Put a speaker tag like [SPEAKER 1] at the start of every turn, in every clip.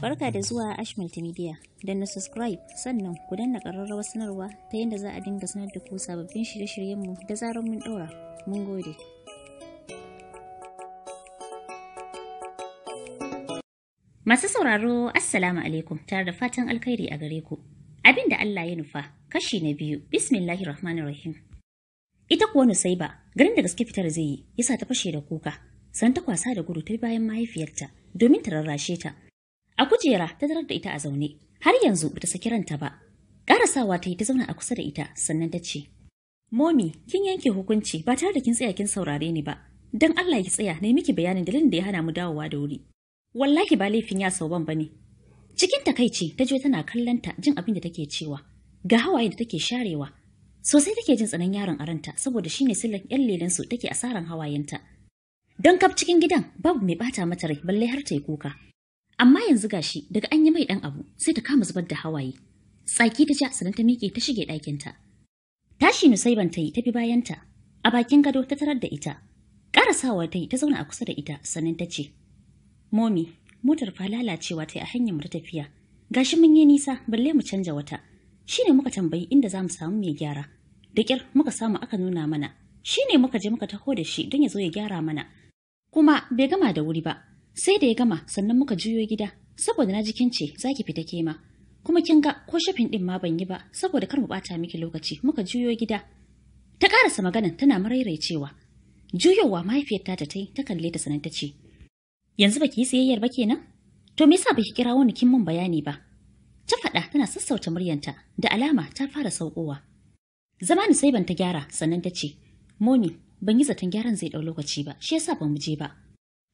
[SPEAKER 1] Barka da zuwa Ash Multimedia. Don na subscribe sannan ku danna ƙararrawar sanarwa ta yadda za a dinga sanar da ku sababbin shirye-shiryenmu da zarar mun ɗora. Mun gode. Masu sauraro, Assalamu alaikum tare da fatan alkhairi a gare ku. Abin da Allah ya nufa, kashi na biyu, bismillahi Bismillahirrahmanirrahim. Ita kuwa Nusaiba, garin da gaske fitar zai yi, yasa ta fashe da kuka, san ta kwasa da gudu ta bayan mahaifiyarta domin ta rarrashe ta. A kujera ta tarar da ita a zaune, har yanzu bata saki ranta ba. Karasawa ta yi ta zauna a kusa da ita sannan ta ce, Momi, kin yanke hukunci ba tare da kin tsaya kin saurare ni ba. Don Allah ki tsaya na miki bayanin dalilin da ya hana mu dawowa da wuri. Wallahi ba laifin ya sauban ba ne. Cikin takaici ta je tana kallon jin abin da take cewa. Ga hawaye da take sharewa. Sosai take jin tsanan yaron a ranta saboda shine sillan yan lelen su take asaran hawayenta. Don kaf cikin gidan babu mai bata mata rai balle har ta yi kuka. Amma yanzu gashi daga an yi mai dan abu sai ta kama zubar da hawaye. Tsaki ta ja sanan ta miƙe ta shige ɗakinta. Tashi ban ta yi ta bi bayanta. A bakin gado ta tarar da ita. Ƙarasawa ta yi ta zauna a kusa da ita sanan ta ce, Momi, motar fa lalacewa ta yi a hanyar mu ta tafiya. Gashi mun yi nisa balle mu canja wata. shine muka tambayi inda za mu samu mai gyara. Da kyar muka samu aka nuna mana. Shi ne muka je muka taho da shi don ya zo ya gyara mana. Kuma bai gama da wuri ba, Sai da ya gama sannan muka juyo gida saboda na jikin ce za ki fita ke Kuma kin ga ko shafin ɗin ma ban yi ba saboda kar mu bata miki lokaci muka juyo gida. Ta sa magana tana marairaicewa. Juyowa mahaifiyarta ta ta yi ta kalle ta sanan ta ce. Yanzu baki yi sayayyar ba kenan? To me yasa baki kira wani kin mun bayani ba? Ta faɗa tana sassauta muryanta da alama ta fara saukowa. Zamani sai ban ta gyara sannan ta ce, Moni, ban yi zaton gyaran zai ɗau lokaci ba, shi yasa ban mu je ba.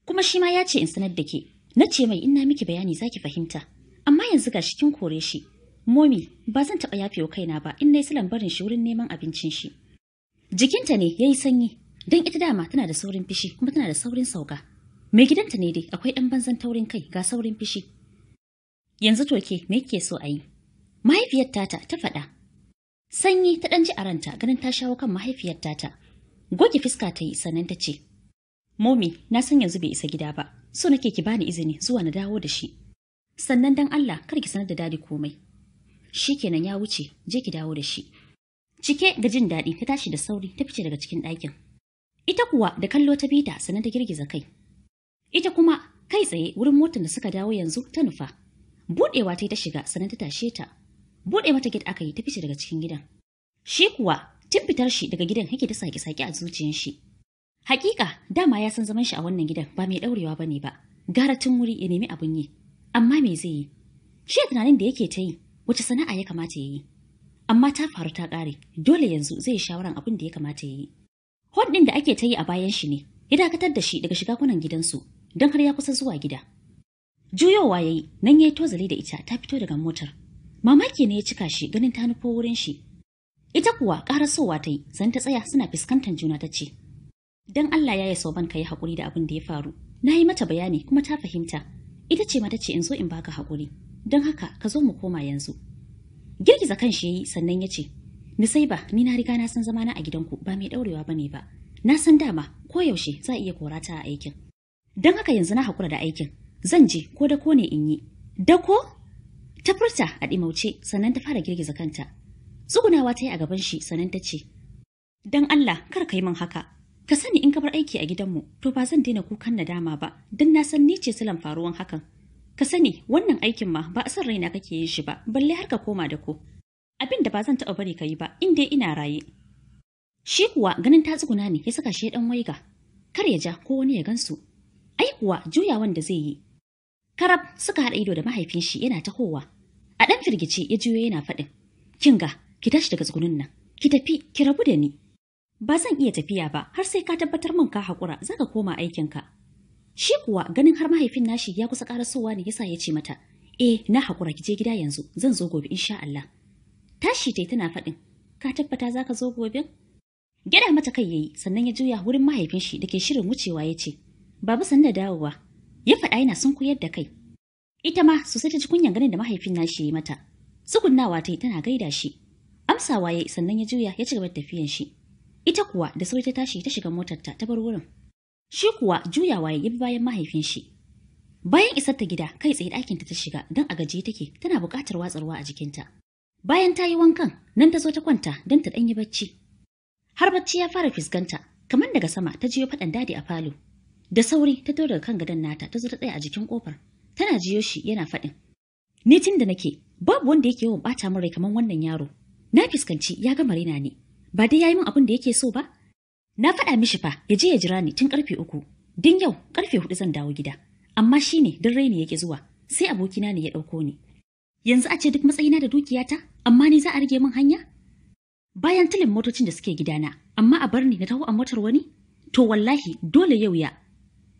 [SPEAKER 1] kuma shi ma ya ce in sanar da ke na ce mai ina miki bayani zaki fahimta amma yanzu ga shi kin kore shi momi ba zan taɓa yafewa kaina ba in nayi silan barin shi wurin neman abincin shi jikinta ne yayi sanyi don ita dama tana da saurin fishi kuma tana da saurin sauka mai gidanta ne dai akwai ɗan banzan taurin kai ga saurin fishi yanzu toke me yake so a yi mahaifiyar tata ta faɗa sanyi ta ɗan ji a ranta ganin ta shawo kan mahaifiyar tata goge fiska ta yi sannan ta ce Momi, na san yanzu bai isa gida ba, so nake ki bani izini zuwa na dawo da shi. Sannan dan Allah kar ki sanar da dadi komai. Shi kenan ya wuce, je ki dawo da shi. Cike da jin daɗi ta tashi da sauri ta fice daga cikin ɗakin. Ita kuwa da kallo ta bita sannan ta girgiza kai. Ita kuma kai tsaye wurin motar da suka dawo yanzu ta nufa. Buɗewa ta yi ta shiga sannan ta tashe ta. Buɗe mata gate aka yi ta fice daga cikin gidan. Shi kuwa tun fitar shi daga gidan yake ta sake-sake a zuciyar shi. Hakika dama ya san zaman shi a wannan gidan ba mai daurewa bane ba. Gara tun wuri ya nemi abin yi. Amma me zai yi? Shi tunanin da yake ta yi wace sana'a ya kamata ya yi. Amma ta faru ta ƙare, dole yanzu zai shawaran abin da ya kamata ya yi. Hot ɗin da ake ta yi a bayan shi ne, ya dakatar da shi daga shiga kunan gidansu, don har ya kusa zuwa gida. Juyowa ya yi, nan ya yi tozali da ita ta fito daga motar. Mamaki ne ya cika shi ganin ta nufo wurin shi. Ita kuwa karasowa ta yi, zan ta tsaya suna fuskantar juna ta ce, Dan Allah ya yi soban ka yi haƙuri da abin da ya faru. Na yi mata bayani kuma ta fahimta. Ita ce mata ce in zo in baka haƙuri. dan haka ka zo mu koma yanzu. Girgiza kan shi ya yi sannan ya ce, ba ni na riga na san zamana a gidanku ba mai ɗaurewa ba ne ba. Na san dama koyaushe za a iya kora ta a aikin. dan haka yanzu na haƙura da aikin. Zan je ko da ko ne in yi. Da ko? Ta furta a ɗimauce sannan ta fara girgiza kanta. Tsugunawa ta yi a gaban shi sannan ta ce, Don Allah kar ka yi min haka, Ka sani in ka bar aiki a gidanmu, to ba zan daina kukan nadama ba, don na san ni ce silan faruwan hakan. Ka sani wannan aikin ma ba a san raina kake yin shi ba, balle har ka koma da ku. Abin da ba zan taɓa bari ka yi ba, in dai ina raye. Shi kuwa ganin ta tsuguna ne ya saka shi ɗan waiga. Kar ya ja ko wani ya gansu. Ai kuwa juyawan da zai yi. Karab suka haɗa ido da mahaifin shi yana tahowa. A ɗan firgice ya juyo yana faɗin. kin ga ki tashi daga tsugunin nan. Ki tafi, ki rabu da ni. ba zan iya tafiya ba har sai ka tabbatar min ka haƙura za ka koma aikinka. Shi kuwa ganin har mahaifin nashi ya kusa ƙarasowa ne yasa ya ce mata, eh na haƙura ki je gida yanzu zan zo gobe insha Allah. Tashi tai tana faɗin, ka tabbata za ka zo gobe? Gyaɗa mata kai yayi sannan ya juya wurin mahaifin shi da ke shirin wucewa ya ce, Babu sanda dawowa, ya faɗa yana sun koyar da kai. Ita ma sosai ta ji kunyan ganin da mahaifin nashi ya yi mata. Tsugunnawa ta tana gaida shi. Amsawa ya sannan ya juya ya ci gaba da tafiyan shi. Ita kuwa da sauri ta tashi ta shiga motarta ta bar wurin. Shi kuwa juyawa ya yi bayan mahaifin shi. Bayan isar ta gida kai tsaye ɗakinta ta shiga don a gaje take tana buƙatar watsarwa a jikinta. Bayan ta yi wankan nan ta zo ta kwanta don ta ɗan yi bacci. Har bacci ya fara fiskanta kamar daga sama ta jiyo faɗan dadi a falo. Da sauri ta daga kan gadon nata ta zo ta tsaya a jikin kofar Tana jiyo shi yana faɗin. Ni tun da nake babu wanda yake yawan ɓata min rai kamar wannan yaro. Na fuskanci ya gama raina ne ba dai yayi min abin da yake so ba? Na faɗa mishi fa ya je ya jira ni tun karfe uku. Din yau karfe hudu zan dawo gida. Amma shine ne don raini yake zuwa, sai abokina ne ya ɗauko ni. Yanzu a ce duk matsayina da dukiyata, amma ni za a rage min hanya? Bayan tilin motocin da suke gidana, amma a bar ni na taho a motar wani? To wallahi dole yau ya.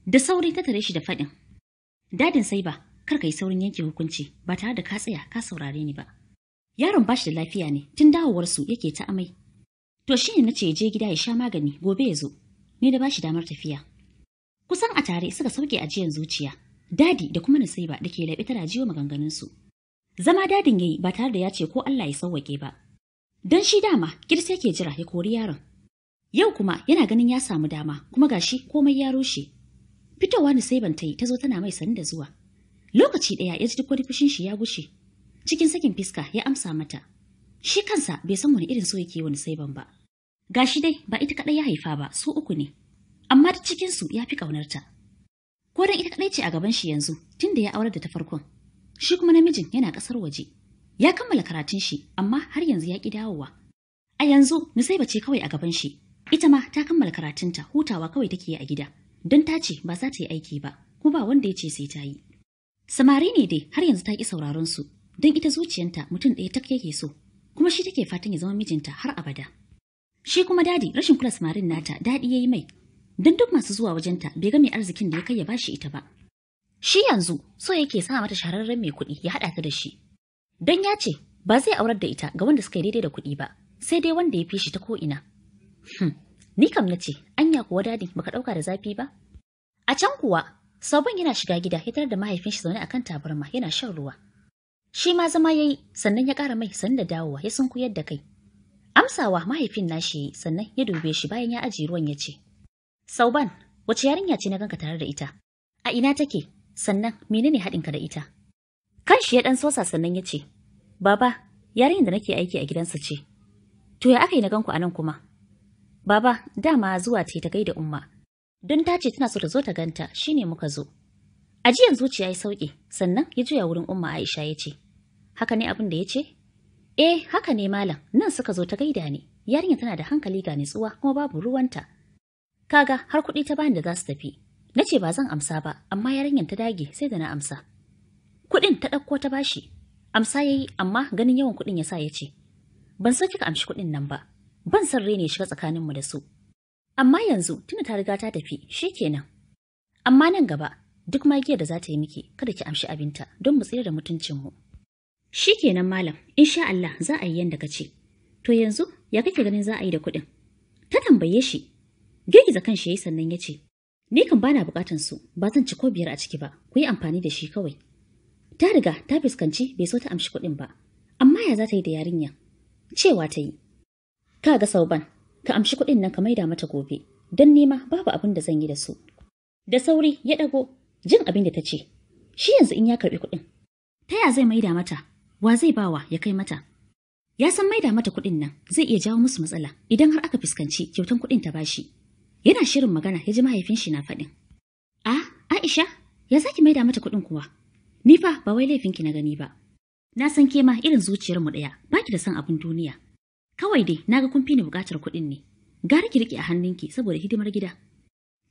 [SPEAKER 1] Da sauri ta tare shi da faɗin. Dadin sai ba, kar ka yi saurin yanke hukunci ba tare da ka tsaya ka saurare ni ba. Yaron bashi da lafiya ne tun dawowarsu yake ta amai To shi ne na ce je gida ya sha magani gobe ya zo. Ni da bashi damar tafiya. Kusan a tare suka sauke ajiyan zuciya. Dadi da kuma Nasiba da ke laɓe tana jiwa maganganunsu. Zama dadin yayi ba tare da ya ce ko Allah ya sauwaƙe ba. Don shi dama kirsi yake jira ya kori yaron. Yau kuma yana ganin ya samu dama kuma gashi komai ya rushe. Fitowa ban ta yi ta zo tana mai sani da zuwa. Lokaci ɗaya ya ji duk wani fushin shi ya gushe. Cikin sakin fiska ya amsa mata. Shi kansa bai san wani irin so yake wani saiban ba. Gashi dai ba ita kadai ya haifa ba, su uku ne. Amma da cikinsu ya fi ƙaunarta. Ko dan ita kadai ce a gaban shi yanzu, tunda ya aurar da ta farkon. Shi kuma namijin yana kasar waje. Ya kammala karatun shi, amma har yanzu ya ƙi dawowa. A yanzu Nusaiba ce kawai a gaban shi. Ita ma ta kammala karatunta, hutawa kawai take yi a gida. Don ta ce ba za ta yi aiki ba, kuma ba wanda ya ce sai ta yi. Samari ne dai har yanzu ta ki sauraron su, don ita zuciyanta mutum ɗaya tak yake so, kuma shi take fatan ya zama mijinta har abada. Shi kuma dadi rashin kula samarin nata daɗi ya yi mai, don duk masu zuwa wajenta bai ga mai arzikin da ya kai ya bashi ita ba. Shi yanzu so yake sa mata shahararren mai kuɗi ya haɗa ta da shi. Don ya ce ba zai aurar da ita ga wanda suka yi daidai da kuɗi ba, sai dai wanda ya fi shi ta ko'ina. Hmm. Ni kam na ce, anya kuwa dadi baka ɗauka da zafi ba? A can kuwa, sabon yana shiga gida ya tarar da mahaifin shi zaune akan tabarma yana shan ruwa. Shi ma zama ya yi, sannan ya ƙara mai san da dawowa ya sun sunkuyar da kai. Amsawa mahaifin nashi sannan ya dube shi bayan ya ajiye ruwan ya ce, Sauban, wace yarinya ce na ganka tare da ita? A ina take? Sannan menene haɗinka da ita? Kanshi ya ɗan sosa sannan ya ce, Baba, yarinyar da nake aiki a gidansa ce. To ya aka yi na ganku a nan kuma? Baba, dama zuwa ce ta gaida umma. Don ta ce tana so ta zo ta ganta, shine muka zo. Ajiyan zuciya ya sauke, sannan ya juya wurin Umma Aisha ya ce, Haka ne abin da ya ce? Eh, haka ne malam, nan suka zo ta gaida ne. Yarinya tana da hankali ga nutsuwa kuma babu ruwanta. Kaga har kuɗi ta bani da za su tafi. Na ce ba zan amsa ba, amma yarinyar ta dage sai da na amsa. Kuɗin ta ɗauko ta bashi. Amsa ya yi, amma ganin yawan kuɗin ya sa ya ce, Ban so kika amshi kuɗin nan ba, ban san rene shiga tsakaninmu da su. Amma yanzu tuna ta riga ta tafi, shi kenan. Amma nan gaba duk magiyar da za ta yi miki kada ki amshi abinta don mu tsira da mutuncinmu. Shi kenan malam, insha Allah za a yi yanda ka ce. To yanzu ya kake ganin za a yi da kuɗin? Ta tambaye shi. Girgiza kan shi yayi sannan ya ce, Ni kan bana bukatan su, ba zan ci ko biyar a ciki ba, ku yi amfani da shi kawai. Ta riga ta fuskanci bai so ta amshi kuɗin ba, amma ya za ta yi da yarinya? Cewa ta yi. Ka ga sauban, ka amshi kuɗin nan ka maida mata gobe, don nema babu abin da zan yi da su. Da sauri ya ɗago jin abin da ta ce shi yanzu in ya karɓi kuɗin ta ya zai maida mata wa zai bawa ya kai mata ya san maida mata kuɗin nan zai iya jawo musu matsala idan har aka fuskanci kyautan kuɗin ta bashi yana shirin magana ya ji mahaifin shi na faɗin a aisha ya saki maida mata kuɗin kuwa ni fa ba wai laifin ki na gani ba na san ke ma irin zuciyar mu ɗaya baki da san abin duniya kawai dai naga kun fi ni buƙatar kuɗin ne gara ki riƙe a hannunki saboda hidimar gida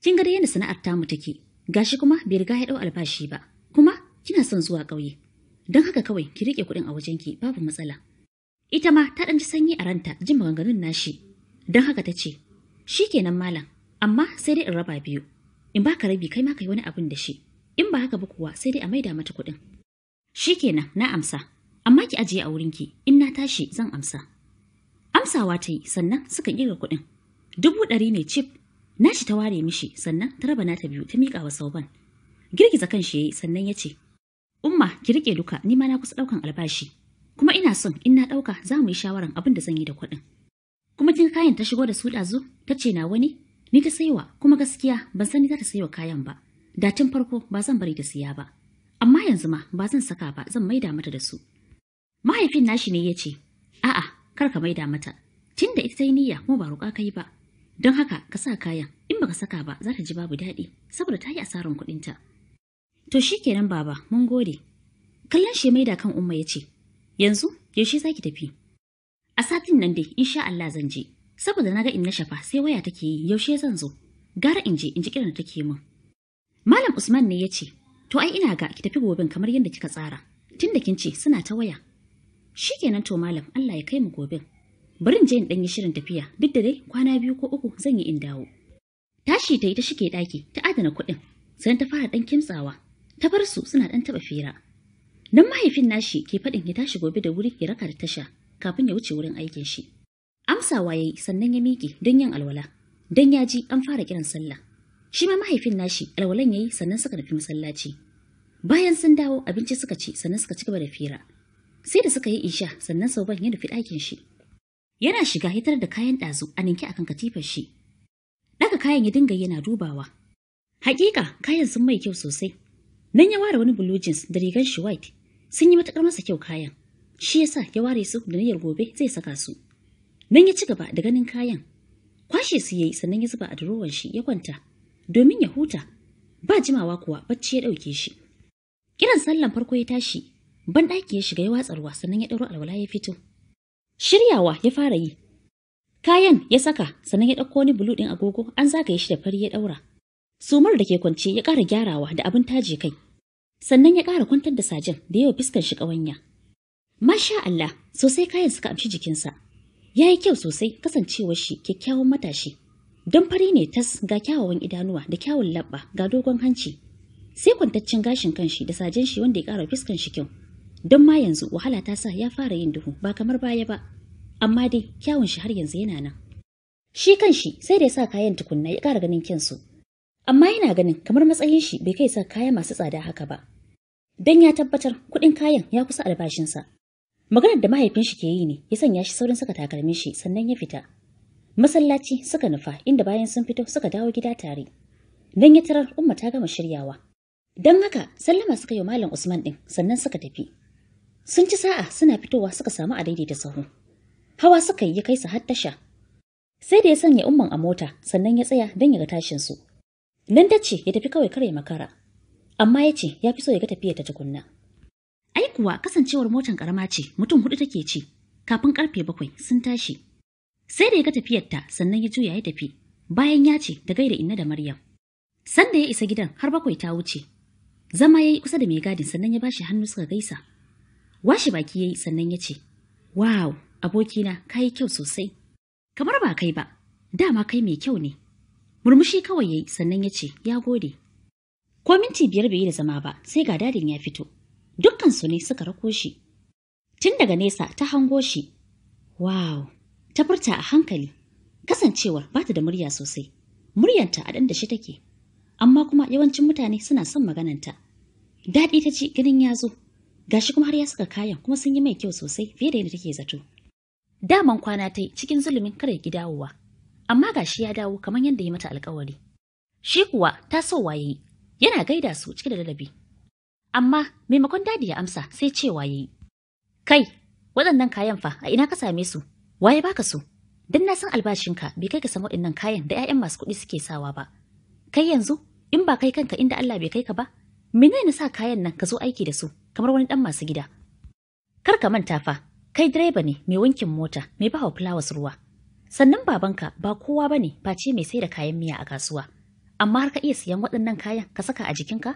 [SPEAKER 1] kin ga dai yadda sana'ar tamu take gashi kuma bai riga ya dau albashi ba kuma kina son zuwa ƙauye don haka kawai ki rike kuɗin a wajenki babu matsala ita ma ta ɗan ji sanyi a ranta jin maganganun nashi don haka ta ce shikenan malam amma sai dai in raba biyu in baka rabi kai ma kai wani abin da shi in ba haka ba kuwa sai dai a maida mata kuɗin shikenan na amsa amma ki ajiye a wurinki in na tashi zan amsa amsawa ta yi sannan suka kira kuɗin dubu ɗari ne cif Nashi ta ware mishi sannan ta raba nata biyu ta miƙa wa Sauban. Girgiza kan shi yayi sannan ya ce, Umma ki rike duka ni ma na kusa ɗaukan albashi. Kuma ina son in na ɗauka za mu yi shawaran abin da zan yi da kuɗin. Kuma kin kayan ta shigo da su ɗazu ta ce na wani ni ta saiwa kuma gaskiya ban sani za ta saiwa kayan ba. Da tun farko ba zan bari ta siya ba. Amma yanzu ma ba zan saka ba zan maida mata da su. Mahaifin nashi ne ya ce, A'a, kar ka maida mata, da ita ta yi niyya kuma ba roƙa kai ba, Don haka ka sa kayan, in baka saka ba za ta ji babu daɗi saboda ta yi asarar kuɗinta. To shi kenan baba, mun gode. Kallon shi da kan umma ya ce, yanzu yaushe za ki tafi? A satin nan dai insha Allah zan je, saboda na ga in na shafa sai waya take yi yaushe zan zo. Gara in je in ji kiran da take min. Malam Usman ne ya ce, to ai ina ga ki tafi gobin kamar yadda kika tsara, tunda kin ce suna ta waya. Shikenan to malam Allah ya kai mu gobin. barin je je in yi shirin tafiya duk da dai kwana biyu ko uku zan yi in dawo tashi ta yi ta shige ɗaki ta adana kuɗin sannan ta fara ɗan kimtsawa ta bar su suna ɗan taɓa fira nan mahaifin nashi ke faɗin ya tashi gobe da wuri ya raka da tasha kafin ya wuce wurin aikin shi amsawa ya yi sannan ya miƙe don yin alwala don ya ji an fara kiran sallah shi ma mahaifin nashi alwalan ya yi sannan suka nufi masallaci bayan sun dawo abinci suka ci sannan suka ci gaba da fira sai da suka yi isha sannan sauban ya nufi ɗakin shi Yana shiga hitar da kayan ɗazu a ninke akan katifar shi. Ɗaga kayan ya dinga yana dubawa. Hakika kayan sun mai kyau sosai. Nan ya ware wani blue jeans da rigar shi white. Sun yi matuƙar masa kyau kayan. Shi yasa ya ware su da niyyar gobe zai saka su. Nan ya ci gaba da ganin kayan. Kwashe su yayi sannan ya zuba a durowar shi ya kwanta domin ya huta. Ba jimawa kuwa bacci ya ɗauke shi. Kiran sallan farko ya tashi, ban ɗaki ya shiga ya watsarwa sannan ya ɗauro alwala ya fito. Shiryawa ya fara yi. Kayan ya saka sannan ya ɗauko wani bulu ɗin agogo an zagaye shi da fari ya ɗaura. Sumar da ke kwance ya ƙara gyarawa da abin taje kai. Sannan ya ƙara kwantar da sajin da yawa fiskan shi ƙawanya. Masha Allah, sosai kayan suka amshi jikinsa. Ya yi kyau sosai kasancewar shi kyakkyawan matashi. Don fari ne tas ga kyawawan idanuwa da kyawun labba ga dogon hanci. Sai kwantaccen gashin kanshi da sajen shi wanda ya ƙara fiskan shi kyau. don ma yanzu wahala ta sa ya fara yin duhu ba kamar baya ba amma dai kyawun shi har yanzu yana nan shi kan shi sai da ya sa kayan tukunna ya ƙara ganin kyansu amma yana ganin kamar matsayin shi bai kai sa kaya masu tsada haka ba Dan ya tabbatar kuɗin kayan ya kusa albashinsa maganar da mahaifin shi ke yi ne ya sanya shi saurin saka takalmin shi sannan ya fita masallaci suka nufa inda bayan sun fito suka dawo gida tare Nan ya tarar umma ta gama shiryawa don haka sallama suka yi malam usman din sannan suka tafi Sun ci sa'a suna fitowa suka samu a daidaita sahu. Hawa suka yi ya kai su har tasha. Sai da ya sanya umman a mota sannan ya tsaya don ya ga su Nan ta ce ya tafi kawai kar makara. Amma ya ce ya fi so ya ga tafiya ta tukunna. Ai kuwa kasancewar motan karama ce mutum hudu take ci kafin karfe bakwai sun tashi. Sai da ya ga tafiyarta sannan ya juya ya tafi bayan ya ce da gaida inna da Maryam. Sanda ya isa gidan har bakwai ta wuce. Zama ya yi kusa da mai gadin sannan ya bashi hannu suka gaisa. Washe baki ya yi sannan ya ce, Wow, abokina, ka yi kyau sosai. Kamar ba kai ba, dama kai mai kyau ne. Murmushi kawai ya yi sannan ya ce, Ya gode. Ko minti biyar bai yi da zama ba, sai ga dadin ya fito. Dukkansu ne suka rako shi. Tun daga nesa ta hango shi. Wow, ta furta a hankali. Kasancewar ba ta da murya sosai. Muryanta a ɗan da shi take. Amma kuma yawancin mutane suna son magananta. Daɗi ta ci ganin ya zo, gashi kuma har ya saka kayan kuma sun yi mai kyau sosai fiye da yadda take zato daman kwana ta cikin zulumin kare ki amma gashi ya dawo kamar yadda ya mata alkawari shi kuwa ta so waye yana gaida su cike da ladabi amma maimakon dadi ya amsa sai ce waye kai waɗannan kayan fa a ina ka same su waye baka so? dan na san albashinka bai kai ka san waɗannan kayan da 'ya'yan masu kuɗi suke sawa ba kai yanzu in ba kai kanka inda Allah bai kai ka ba menene sa kayan nan ka zo aiki da su kamar wani dan masu gida. Kar ka manta fa, kai direba ne mai wankin mota, mai bawa fulawas ruwa. Sannan babanka ba kowa bane face mai sai da kayan miya a kasuwa. Amma har ka iya siyan waɗannan kayan ka saka a jikinka?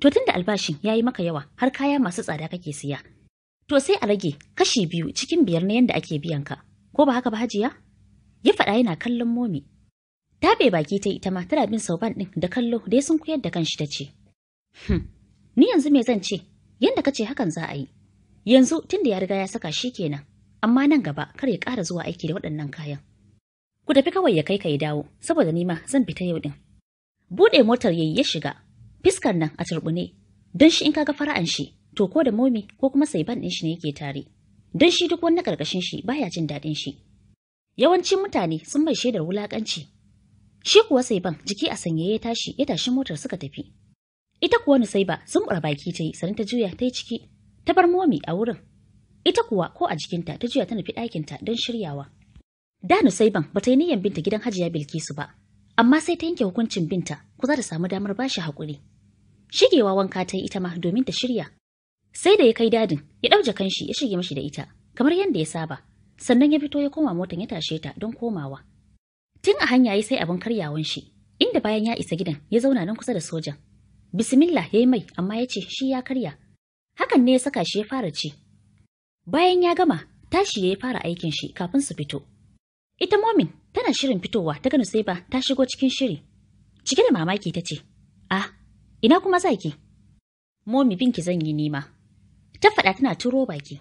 [SPEAKER 1] To tunda albashin ya yi maka yawa har kaya masu tsada kake siya. To sai a rage kashi biyu cikin biyar na yanda ake biyan ka. Ko ba haka ba hajiya? Ya faɗa yana kallon momi. bai baki ta ita ma tana bin sauban ɗin da kallo dai sun koyar da kanshi ta ce. Hmm, ni yanzu me zan ce Yanda ka ce hakan za a yi. Yanzu tun da ya riga ya saka shi kenan, amma nan gaba kar ya ƙara zuwa aiki da waɗannan kayan. Ku tafi kawai ya kai ka ya dawo, saboda ni ma zan fita yau ɗin. Buɗe motar yayi ya shiga, fiskar nan a turbune, don shi in kaga fara'an shi, to ko da momi ko kuma saiban ɗin shi ne yake tare. Don shi duk wani ƙarƙashin shi baya jin daɗin shi. Yawancin mutane sun mai shaidar wulaƙanci. Shi kuwa sai ban jiki a sanyaye ya tashi ya tashi motar suka tafi. Ita kuwa Nusaiba sun baki ta yi sannan ta juya ta yi ciki ta bar momi a wurin. Ita kuwa ko a jikinta ta juya ta nufi ɗakinta don shiryawa. Da Nusaiban ba ta yi niyyar binta gidan Hajiya Bilkisu ba, amma sai ta yanke hukuncin binta ku za ta samu damar ba shi haƙuri. Shigewa wanka ta yi ita ma domin ta shirya. Sai da ya kai dadin ya ɗauje kanshi ya shige mashi da ita kamar yadda ya saba sannan ya fito ya koma motan ya tashe ta don komawa. Tun a hanya ya sai abin karyawan shi inda bayan ya isa gidan ya zauna nan kusa da sojan Bismillah ya yi mai amma ya ce shi ya karya. Hakan ne ya saka shi ya fara ci. Bayan ya gama, tashi ya fara aikin shi kafin su fito. Ita Momin tana shirin fitowa ta gano sai ba ta shigo cikin shiri. Cike da mamaki ta ce, "Ah, ina kuma za ki? Momi binki zan yi nima. Ta faɗa tana turo baki.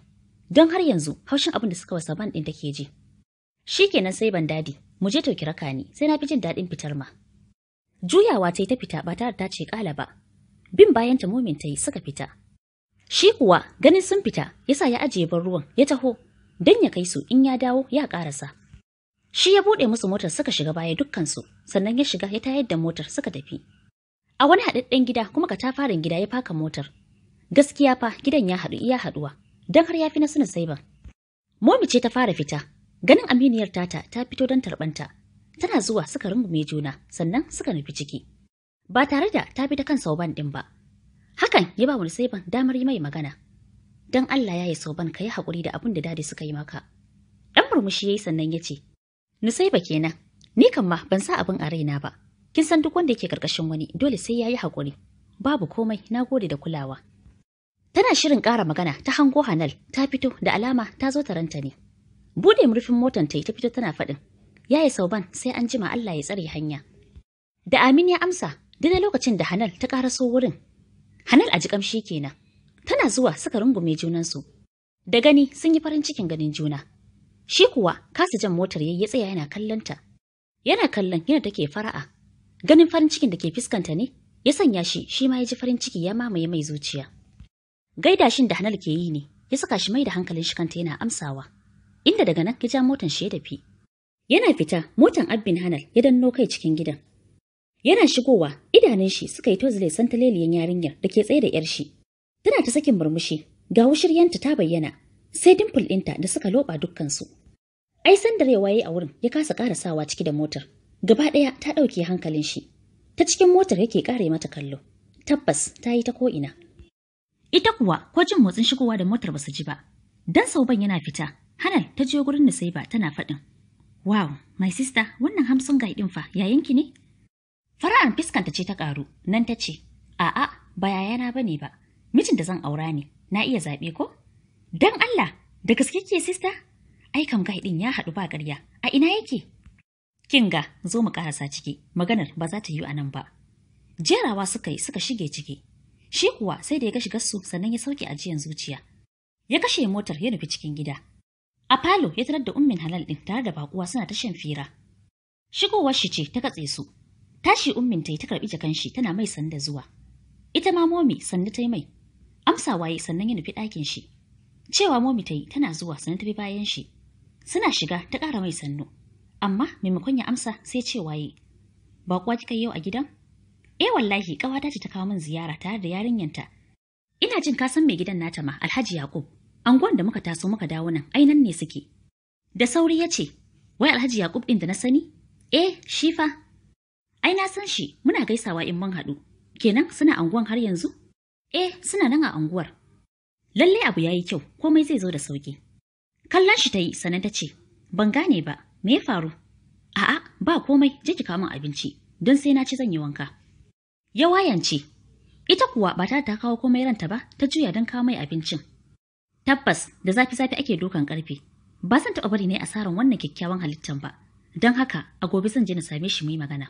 [SPEAKER 1] Don har yanzu haushin abin da suka wasa ban ɗin take ji. Shi kenan sai ban dadi, mu je to ki raka ni, sai na fi jin daɗin fitar ma. Juyawa ta ta fita ba tare ta ce kala ba, bin bayan ta momin ta yi suka fita. Shi kuwa ganin sun fita yasa ya ajiye ban ruwan ya taho don ya kai su in ya dawo ya karasa. Shi ya buɗe musu motar suka shiga baya dukkansu sannan ya shiga ya tayar da motar suka tafi. A wani haɗaɗɗen gida kuma katafaren gida ya faka motar. Gaskiya fa gidan ya haɗu iya haɗuwa don har ya fi na sunan ban. Momi ce ta fara fita, ganin aminiyar tata ta fito don tarɓanta. Tana zuwa suka rungume juna sannan suka nufi ciki. ba tare da ta bi da kan sauban ɗin ba. Hakan ya ba saiban damar yi mai magana. Don Allah ya yi sauban ka yi haƙuri da abin da dadi suka yi maka. Ɗan murmushi ya yi sannan ya ce, Nusaiba kenan, ni kan ma ban sa abin a raina ba. Kin san duk wanda ke ƙarƙashin wani dole sai ya yi haƙuri. Babu komai na gode da kulawa. Tana shirin ƙara magana ta hango Hanal ta fito da alama ta zo taranta ne. Bude murfin motan ta yi ta fito tana faɗin. Ya yi sauban sai an jima Allah ya tsare hanya. Da Aminu ya amsa daidai lokacin da Hanal ta karaso wurin. Hanal a ji kamshi kenan. Tana zuwa suka rungume junansu. Da gani sun yi farin cikin ganin juna. Shi kuwa kasa jan motar yayi tsaya yana kallonta. Yana kallon yana take fara'a. Ganin farin cikin da ke fuskanta ne ya sanya shi shi ma ya ji farin ciki ya mamaye mai zuciya. gaida shin da Hanal ke yi ne ya saka shi mai da hankalin shi kanta yana amsawa. Inda daga nan ya ja motar shi ya tafi. Yana fita motan Abin Hanal ya danno kai cikin gidan. Yana shigowa, idanun shi suka yi tozile santaleliyan yarinyar da ke tsaye da ‘yar shi. Tana ta sakin murmushi, ga wushiryanta ta bayyana, sai dimple ɗinta da suka loba dukkansu. Ai sandarewa ya yi a wurin ya kasa sawa ciki da motar. Gaba ɗaya ta ɗauke hankalin shi. Ta cikin motar yake kare mata kallo. Tabbas ta yi ta ko'ina. Ita kuwa ko jin motsin shigowa da motar basu ji ba. Dan sauban yana fita, Hanal ta je gurin ba tana faɗin. Wow, my sister, wannan hamsin gai fa yayanki ne? Fara'an fiskanta ce ta ƙaru, nan ta ce, A'a, ba yayana ba ne ba, mijin da zan aura ne, na iya zaɓe ko? Don Allah, da gaske ke sista? Ai kam ɗin ya haɗu ba ƙarya, a ina yake? Kinga, zo mu ƙarasa ciki, maganar ba za ta yi a nan ba. Jerawa suka yi suka shige ciki. Shi kuwa sai da ya ga shigar su sannan ya sauke ajiyan zuciya. Ya kashe motar ya nufi cikin gida. A falo ya tarar da ummin halal ɗin tare da baƙuwa suna ta shan fira. Shigowar shi ce ta katse su, Tashi ummin ta yi ta karɓi jakan shi tana mai sanda zuwa. Ita ma momi sanda ta yi mai. Amsa waye sannan ya nufi ɗakin shi. Cewa momi ta yi tana zuwa sannan ta bi bayan shi. Suna shiga ta ƙara mai sannu. Amma maimakon ya amsa sai ce waye. Ba kuwa kika yau a gidan? Eh wallahi ƙawata ce ta kawo min ziyara tare da yarinyanta. Ina jin ka san mai gidan nata ma Alhaji Yakub. Angon da muka taso muka dawo nan ainan ne suke. Da sauri ya ce, wai Alhaji Yakub ɗin da na sani? Eh, shi fa Ai na san shi, muna gaisawa in mun haɗu. Kenan suna anguwan har yanzu? Eh, suna nan a anguwar. Lalle abu ya yi kyau, komai zai zo da sauki. Kallon shi ta yi, sannan ta ce, "Ban gane ba, me ya faru?" "A'a, ba komai, je ki kawo abinci, don sai na ci zan yi wanka." Ya wayance, ita kuwa ba ta ta kawo komai ranta ba, ta juya don kawo mai abincin. Tabbas, da zafi-zafi ake dukan karfe. Ba zan taɓa bari ne asaran wannan kyakkyawan halittan ba. Don haka, a gobe zan je na same shi mu yi magana.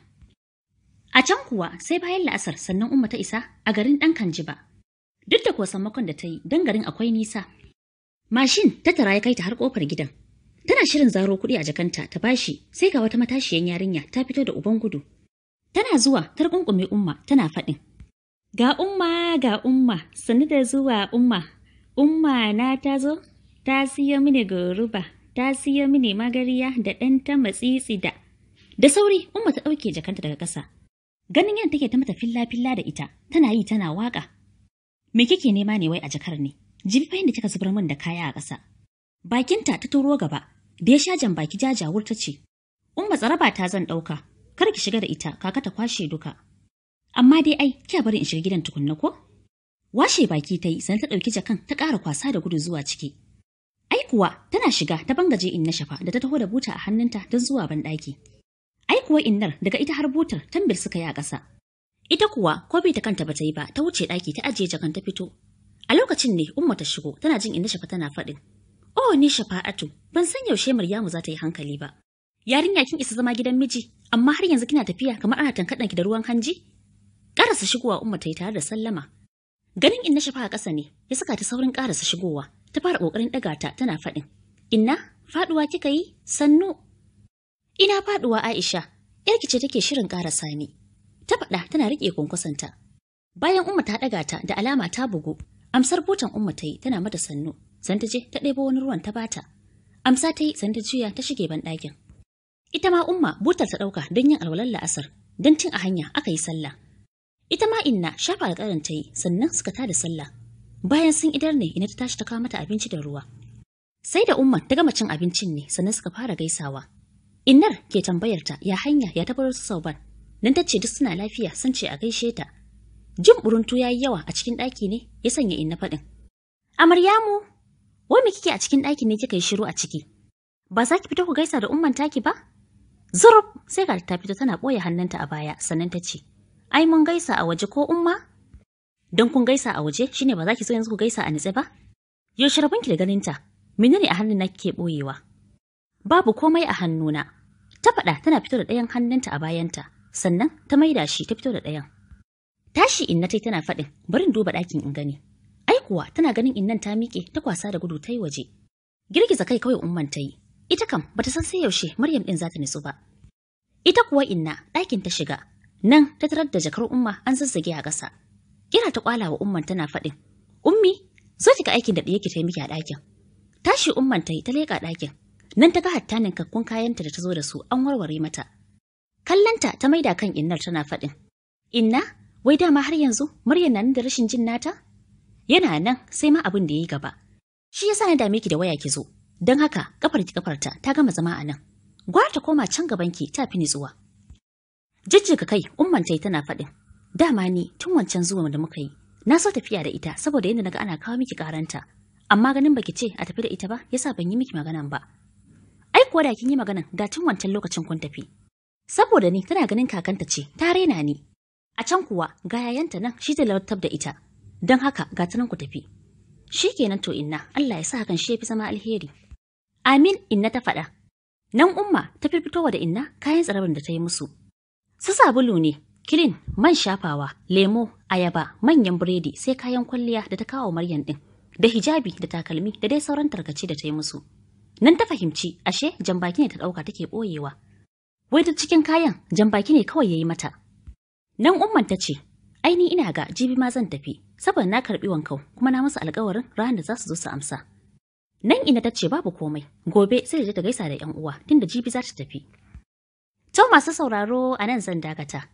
[SPEAKER 1] A can kuwa sai bayan la'asar sannan Umma ta isa a garin ɗan Kanjiba. Duk da kuwa sammakon da ta yi don garin akwai nisa. Mashin ta tara ya kai ta har ƙofar gidan. Tana shirin zaro kuɗi a jakanta ta bashi sai ga wata matashiyan yarinya ta fito da uban gudu. Tana zuwa ta Umma tana faɗin. Ga Umma ga Umma sannu da zuwa Umma. Umma na ta zo ta siyo mini goruba ta siyo mini magariya da ɗan ta matsitsi da. Da sauri Umma ta ɗauke jakanta daga ƙasa Ganin yadda take ta mata filla-filla da ita, tana yi tana waka. Me kike nema ne wai a jakar ne? Jibi fa da kika zubar min da kaya a ƙasa. Bakinta ta turo gaba, da ya sha jan baki jajawur ta ce, Umma tsaraba ta zan ɗauka, kar ki shiga da ita, kaka ta kwashe duka. Amma dai ai, kya bari in shiga gidan tukunna ko? Washe baki ta yi, sannan ta ɗauki jakan ta ƙara kwasa da gudu zuwa ciki. Ai kuwa, tana shiga ta bangaje in na shafa da ta taho da buta a hannunta don zuwa banɗaki. Ai kuwa innar daga ita har butar tambir suka yi a ƙasa. Ita kuwa ko bai ta kanta ba ta yi ba ta wuce ɗaki ta ajiye jakan ta fito. A lokacin ne Umma ta shigo tana jin inda Shafa tana faɗin. Oh ni Shafa'atu ban san yaushe Maryamu za ta yi hankali ba. Yarinya kin isa zama gidan miji amma har yanzu kina tafiya kamar ana tankaɗan ki da ruwan hanji? Karasa shigowa Umma ta yi tare da sallama. Ganin inna Shafa a ƙasa ne ya saka ta saurin karasa shigowa ta fara ƙoƙarin ɗaga ta tana faɗin. Inna faɗuwa kika yi sannu Ina faduwa Aisha, yarki ce take shirin ƙara Sani. Ta faɗa tana riƙe kwankwasanta. Bayan Umma ta ɗaga ta da alama ta bugu, amsar butan Umma ta yi tana mata sannu, san ta je ta ɗebo wani ruwan ta bata. Amsa ta yi san ta juya ta shige ban ɗakin. Ita ma Umma butar ta ɗauka don yin alwalar la'asar, don cin a hanya aka yi sallah. Ita ma inna shafa alƙarin ta yi sannan suka ta da sallah. Bayan sun idar ne ina ta tashi ta kawo mata abinci da ruwa. Sai da Umma ta gama cin abincin ne sannan suka fara gaisawa. Innar ke tambayarta ya hanya ya tabar sauban. Nan ta ce duk suna lafiya sun ce a gaishe ta. Jin buruntu ya yi yawa a cikin ɗaki ne ya sanya inna faɗin. Amaryamu, wai me kike a cikin ɗaki ne kika yi shiru a ciki? Ba za ki fita ku gaisa da umman taki ba? Zurub sai ga ta fito tana ɓoye hannunta a baya sannan ta ce, Ai mun gaisa a waje ko umma? Don kun gaisa a waje shine ba za ki so yanzu ku gaisa a nitse ba? Yaushe ki da ganinta, menene a hannun na kike ɓoyewa? babu komai a hannuna. Ta faɗa tana fito da ɗayan hannunta a bayanta, sannan ta maida shi ta fito da ɗayan. Tashi inna tai tana faɗin, barin duba ɗakin in gani. Ai kuwa tana ganin innan ta miƙe ta kwasa da gudu ta yi waje. Girgiza kai kawai umman ta yi. Ita kam bata san sai yaushe Maryam ɗin za ta nitsu ba. Ita kuwa inna ɗakin ta shiga. Nan ta tarar da jakar umma an zazzage a ƙasa. Kira ta kwala wa umman tana faɗin. Ummi, zo ki ga aikin da ɗiyake ta yi miki a ɗakin. Tashi umman ta yi ta leƙa ɗakin. Nan ta ga hattanin kakkun kayanta da ta zo da su an warware mata. Kallanta ta maida kan innar tana faɗin. Inna, wai dama har yanzu muryar na da rashin jin nata? Yana nan sai ma abin da ya yi gaba. Shi yasa na dame ki da waya ki zo. Don haka kafar ki kafarta ta gama zama a nan. Gwara ta koma can gaban ki ta fi nitsuwa. Jijjiga kai umman ta yi tana faɗin. Dama ni tun wancan zuwan da muka yi na so tafiya da ita saboda yadda naga ana kawo miki karanta amma ganin baki ce a tafi da ita ba yasa ban yi miki maganan ba Ai kuwa da kin yi maganan da tun wancan lokacin kun tafi. Saboda ni tana ganin kakanta ce, ta raina ni. A can kuwa ga yayanta nan shi ta lartab da ita. Don haka ga ta nan ku tafi. Shi kenan to inna, Allah ya sa hakan shi ya fi zama alheri. Amin inna ta faɗa. Nan umma ta fi fitowa da inna kayan tsaron da ta yi musu. Su sabulu ne, kilin, man shafawa, lemo, ayaba, manyan biredi sai kayan kwalliya da ta kawo Maryam ɗin, da hijabi da takalmi da dai sauran tarkace da ta yi musu. Nan ta fahimci ashe jan baki ne ta ɗauka take ɓoyewa. Wai duk cikin kayan jan baki ne kawai ya yi mata. Nan umman ta ce, ni ina ga jibi ma zan tafi, saboda na karɓi wankau kuma na musu alkawarin ranar da za su zo su amsa. Nan ina ta ce babu komai, gobe sai da ta gaisa da 'yan uwa tunda jibi za ta tafi. Tau masu sauraro a nan zan dakata,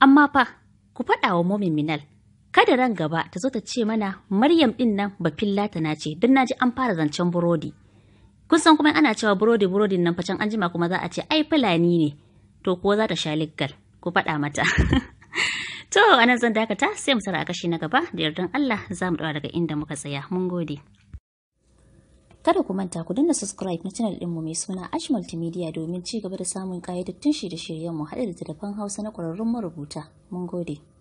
[SPEAKER 1] amma fa ku faɗa wa momin Minal, kada ran gaba ta zo ta ce mana Maryam ɗin nan ba fillata na ce don na ji an fara zancen burodi. kun san kuma ana cewa burodi burodin nan facen anjima kuma za a ce ai fulani ne to ko za ta sha liggal ku faɗa mata to anan zan dakata sai mu tsara a kashi na gaba da yardan Allah za mu daura daga inda muka tsaya mun gode kada ku manta ku danna subscribe na channel ɗinmu mai suna Ash Multimedia domin ci gaba da samun ƙayyadattun shirye-shiryenmu haɗe da telefon Hausa na ƙwararrun marubuta mun gode